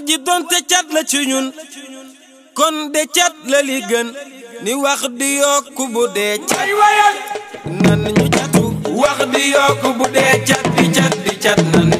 wax ji donte cat la ci ñun kon de cat la li gën ni wax di yokku bu dee cat bu dee cat di cat di cat nan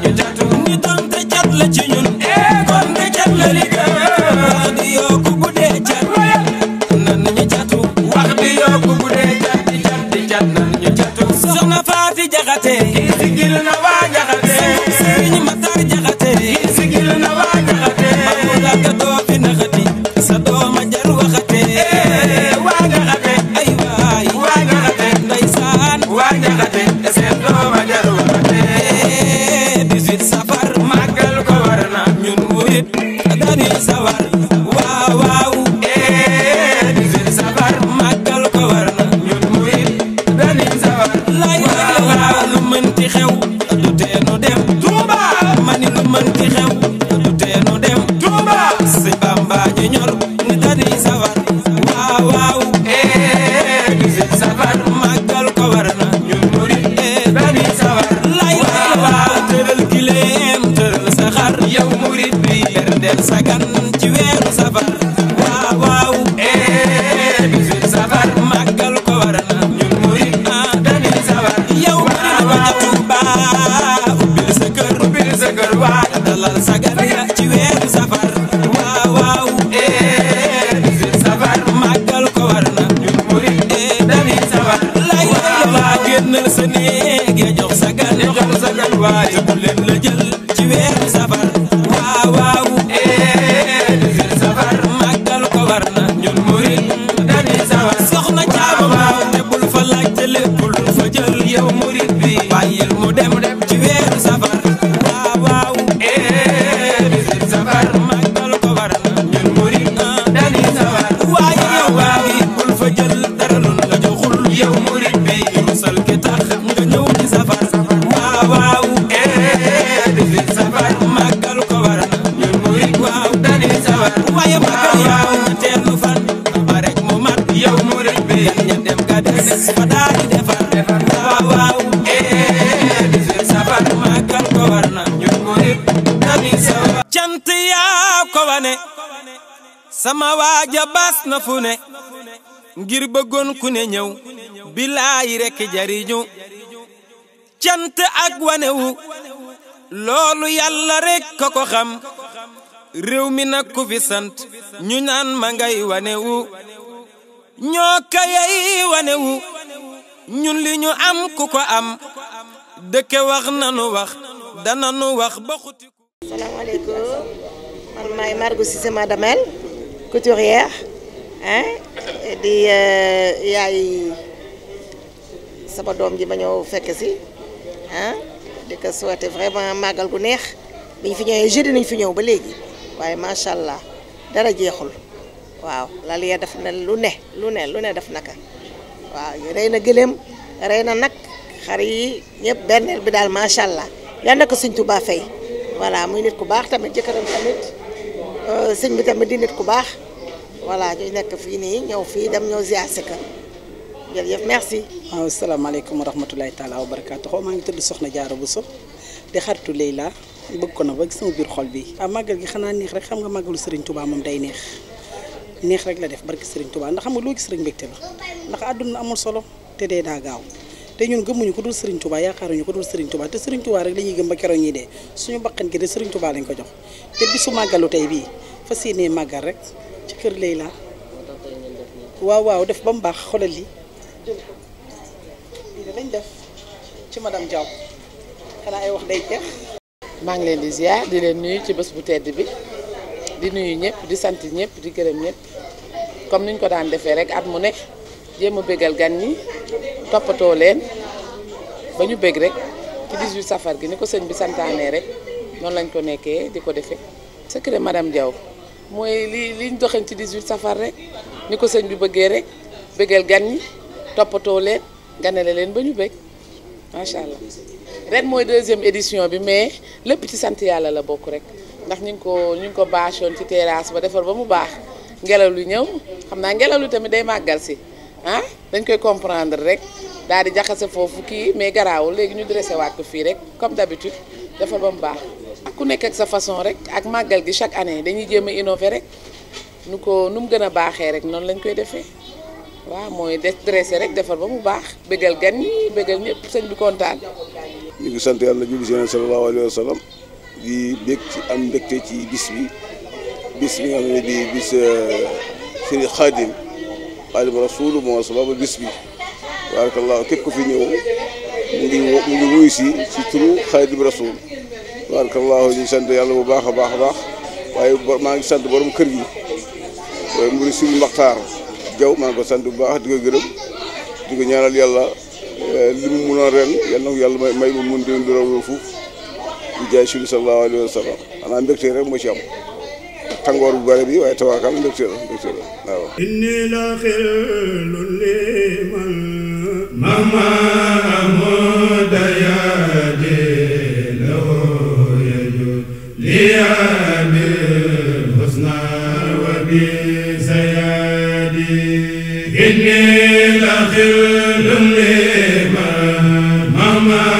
ni sawar bi bàyyil sama waaja baas na fu ne ngir bëggoon ku ne ñëw bilaay rekk jariñu cant ak wanewu loolu yàlla rekk ko xam réew mi nag ku fi sant ñu naan ma ngay wanewu ñoo kayay wanewu ñun li ñu am ku ko am dëkke wax nanu wax dananu wax ba xuti asalaamaaleykum man maay Margo Cissé Madamel couturière ah di euh, yaay sama doom ji ba ñëw fekk si ah di ko souhaiter vraiment màggal gu neex biñ fi ñëwee nañ fi ñëw ba léegi waaye macha allah dara jeexul waaw lal ya def na lu ne lu ne lu ne def naka waaw rey na gëléem rey na nag xar yi ñëpp benneel bi daal macha allah yal na ko Sëñ Tuubaa fay voilà muy nit ku baax tamit jëkkëram tamit. Euh, sëñ bi tamit di nit ku baax voilà ñu nekk fii nii ñëw fii dem ñëw ziar si ka jërëjëf merci. waaw salaamaaleykum wa rahmatulahi taala wa barakaatu xaw maa ngi tëdd Soxna jaaro bu so di xaritu Leyla bëgg ko na ba sama biir xol bi ah màggal gi xanaa neex rek xam nga màggalu Serigne Touba moom day neex neex rek la def barki Serigne Touba ndax xam nga loo gis rek mbégte la ndax àdduna amul solo te dee daa gaaw. te ñun gëmmuñu ko dul Serigne Touba yaakaaruñu ko dul Serigne Touba te Serigne Touba rek la ñuy gëm ba keroog ñuy de suñu bakkan gi de Serigne ko jox te bisu màggalu tey bii fas yéenee màggal rek ci kër laa waaw waaw def ba mu baax xoolal li lañ def ci madame Diaw xanaa ay wax day maa ngi leen di ziar di leen nuyu ci bés bu tedd bi di nuyu ñëpp di sant ñëpp di gërëm ñëpp comme niñ ko daan defee rek at mu nekk. jéem a bégal gan ñi toppatoo leen ba ñu bég rek ci 18 safar gi ni ko sëñ bi santaanee rek noonu lañ ko nekkee di ko defee. secret madame jaw mooy li liñ doxañ ci 18 safar rek ni ko sëñ bi bëggee rek bëggal gan ñi toppatoo leen ganale leen ba ñu bég macha allah ren mooy deuxième édition bi mais lépp ci sant yàlla la bokk rek ndax ñu ngi ko ñu ngi ko bâchoon ci terrasse ba defar ba mu baax ngelaw lu ñëw xam naa ngelaw lu tamit day màggal si. ah dañ koy comprendre rek daal di jaxase foofu kii mais garaawul léegi ñu dressé waat ko fii rek comme d'habitude defal ba mu baax ku nekk ak sa façon rek ak màggal gi chaque année dañuy jéem a rek nu ko nu mu gën a baaxee rek noonu lañ koy defee waaw mooy des dressé rek defal ba mu baax bégal gan yi bégal ñëpp sëñ bi kontaan. ñu ngi sant yàlla julli si sallallahu alayhi wa sallam di bég ci am mbégte ci bis bi bis bi nga ne di bis euh, Serigne Khadim xaadimu rasuul moo sababa bis bi tabaarakallaahu képp ko fi ñëw mu wuy si ci turu xaadimu rasuul tabaarakallaahu ñu sant yàlla bu baax a baax a baax waaye maa ngi sant borom kër gi mbiri si Maxtaar Jaw maa ngi ko sant bu baax di ko gërëm di ko ñaanal yàlla eh, li mu munoon ren yal na yàlla may may mu mun déwén du raw foofu jaay si sallallahu alayhi wa sallam xanaa mbégte rek moo ci am tàngoor bu bëri bi waaye tawaakal mbégte la mbégte la waaw. inni la xelu li man mama amuda yaade loo yaju liyaami husna wa bi inni la xelu li man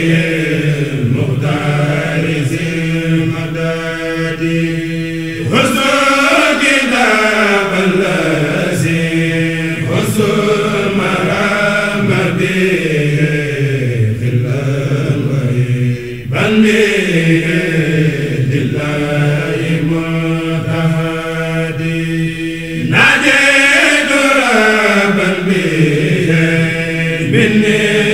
bi